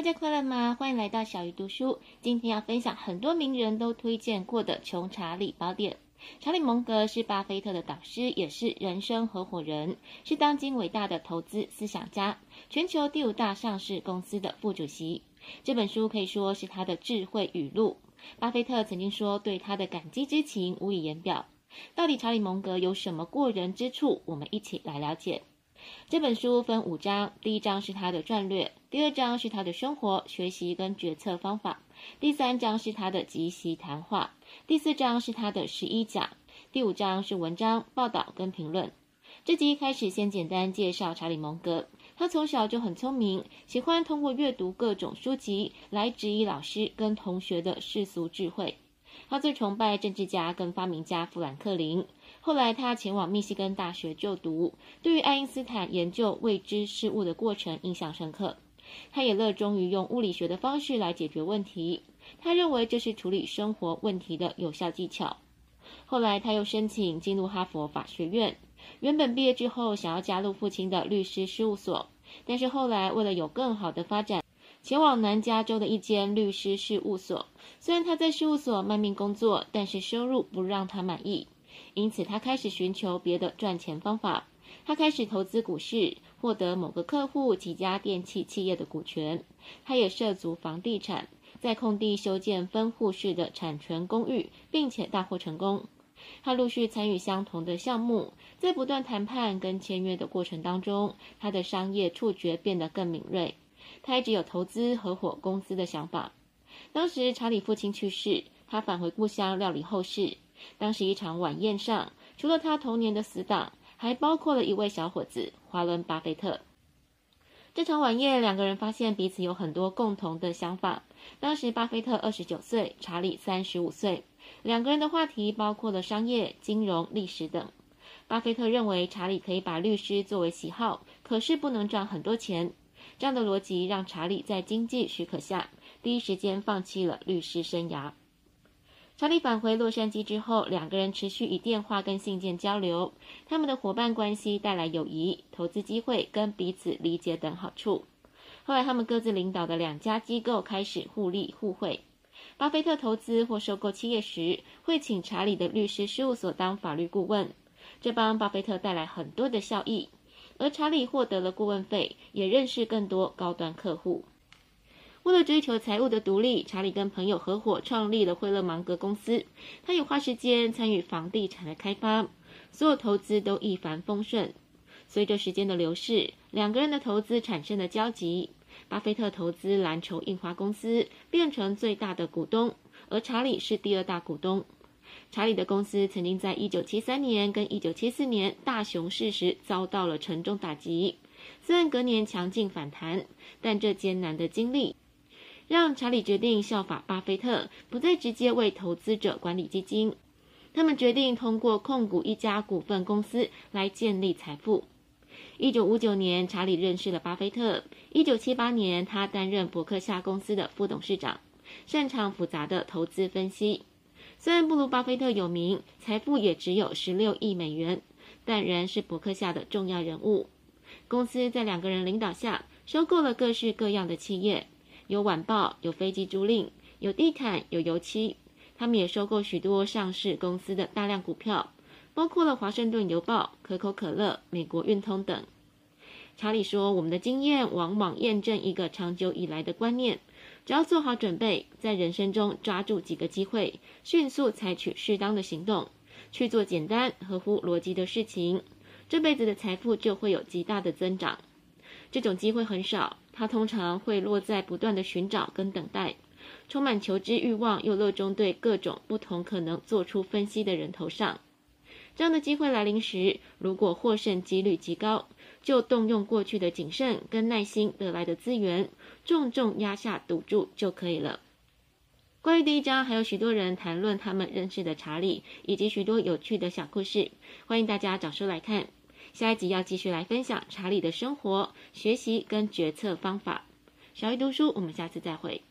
大家快樂嗎？歡迎來到小魚讀書。今天要分享很多名人都推薦過的《窮查理寶典》。查理·芒格是巴菲特的導師，也是人生合夥人，是當今偉大的投資思想家，全球第五大上市公司的副主席。這本書可以說是他的智慧語錄。巴菲特曾經說：“對他的感激之情無以言表。”到底查理·芒格有什麼過人之處？我們一起來了解。這本書分五章，第一章是他的戰略，第二章是他的生活、學習跟決策方法，第三章是他的即席談話，第四章是他的十一講，第五章是文章報道跟評論。這集開始先簡單介紹查理芒格，他從小就很聰明，喜歡通過閱讀各種書籍來質疑老師跟同學的世俗智慧。他最崇拜政治家跟發明家富蘭克林。後來，他前往密西根大學就讀，對於愛因斯坦研究未知事物的過程印象深刻。他也熱衷於用物理學的方式來解決問題，他認為這是處理生活問題的有效技巧。後來，他又申請進入哈佛法學院，原本畢業之後想要加入父親的律師事務所，但是後來為了有更好的發展，前往南加州的一間律師事務所。雖然他在事務所賣命工作，但是收入不讓他滿意。因此，他開始尋求別的賺錢方法。他開始投資股市，獲得某個客戶幾家電器企業的股權。他也涉足房地產，在空地修建分戶式的產權公寓，並且大獲成功。他陸續參與相同的項目，在不斷談判跟簽約的過程當中，他的商業觸覺變得更敏銳。他一直有投資合夥公司的想法。當時，查理父親去世，他返回故鄉料理後事。當時一場晚宴上，除了他童年的死黨，還包括了一位小夥子——華倫·巴菲特。這場晚宴，兩個人發現彼此有很多共同的想法。當時，巴菲特29歲，查理35歲。兩個人的話題包括了商業、金融、歷史等。巴菲特認為，查理可以把律師作為喜好，可是不能賺很多錢。這樣的邏輯讓查理在經濟許可下，第一時間放棄了律師生涯。查理返回洛杉磯之後，兩個人持續以電話跟信件交流，他們的夥伴關係帶來友誼、投資機會、跟彼此理解等好處。後來，他們各自領導的兩家機構開始互利互惠。巴菲特投資或收購企業時，會請查理的律師事務所當法律顧問，這幫巴菲特帶來很多的效益，而查理獲得了顧問費，也認識更多高端客戶。為了追求財務的獨立，查理跟朋友合夥創立了惠勒芒格公司。他也花時間參與房地產的開發，所有投資都一帆風順。隨着時間的流逝，兩個人的投資產生了交集。巴菲特投資藍籌印花公司，變成最大的股東，而查理是第二大股東。查理的公司曾經在一九七三年跟一九七四年大熊市時遭到了沉重打擊，雖然隔年強勁反彈，但這艱難的經歷。讓查理決定效法巴菲特，不再直接為投資者管理基金。他們決定通過控股一家股份公司來建立財富。一九五九年，查理認識了巴菲特。一九七八年，他擔任伯克夏公司的副董事長，擅長複雜的投資分析。雖然不如巴菲特有名，財富也只有十六億美元，但仍是伯克夏的重要人物。公司在兩個人領導下，收購了各式各樣的企業。有晚報，有飛機租賃，有地毯，有油漆。他們也收購許多上市公司的大量股票，包括了《華盛頓郵報》、可口可樂、美國運通等。查理說：“我們的經驗往往驗證一個長久以來的觀念：只要做好準備，在人生中抓住幾個機會，迅速採取適當的行動去做簡單、合乎邏輯的事情，這輩子的財富就會有極大的增長。這種機會很少。”他通常會落在不斷的尋找跟等待，充滿求知慾望又熱衷對各種不同可能做出分析的人頭上。這樣的機會來臨時，如果獲勝幾率極高，就動用過去的謹慎跟耐心得來的資源，重重壓下賭注就可以了。關於第一章，還有許多人談論他們認識的查理，以及許多有趣的小故事，歡迎大家找書來看。下一集要繼續來分享查理的生活、學習跟決策方法。小魚讀書，我們下次再會。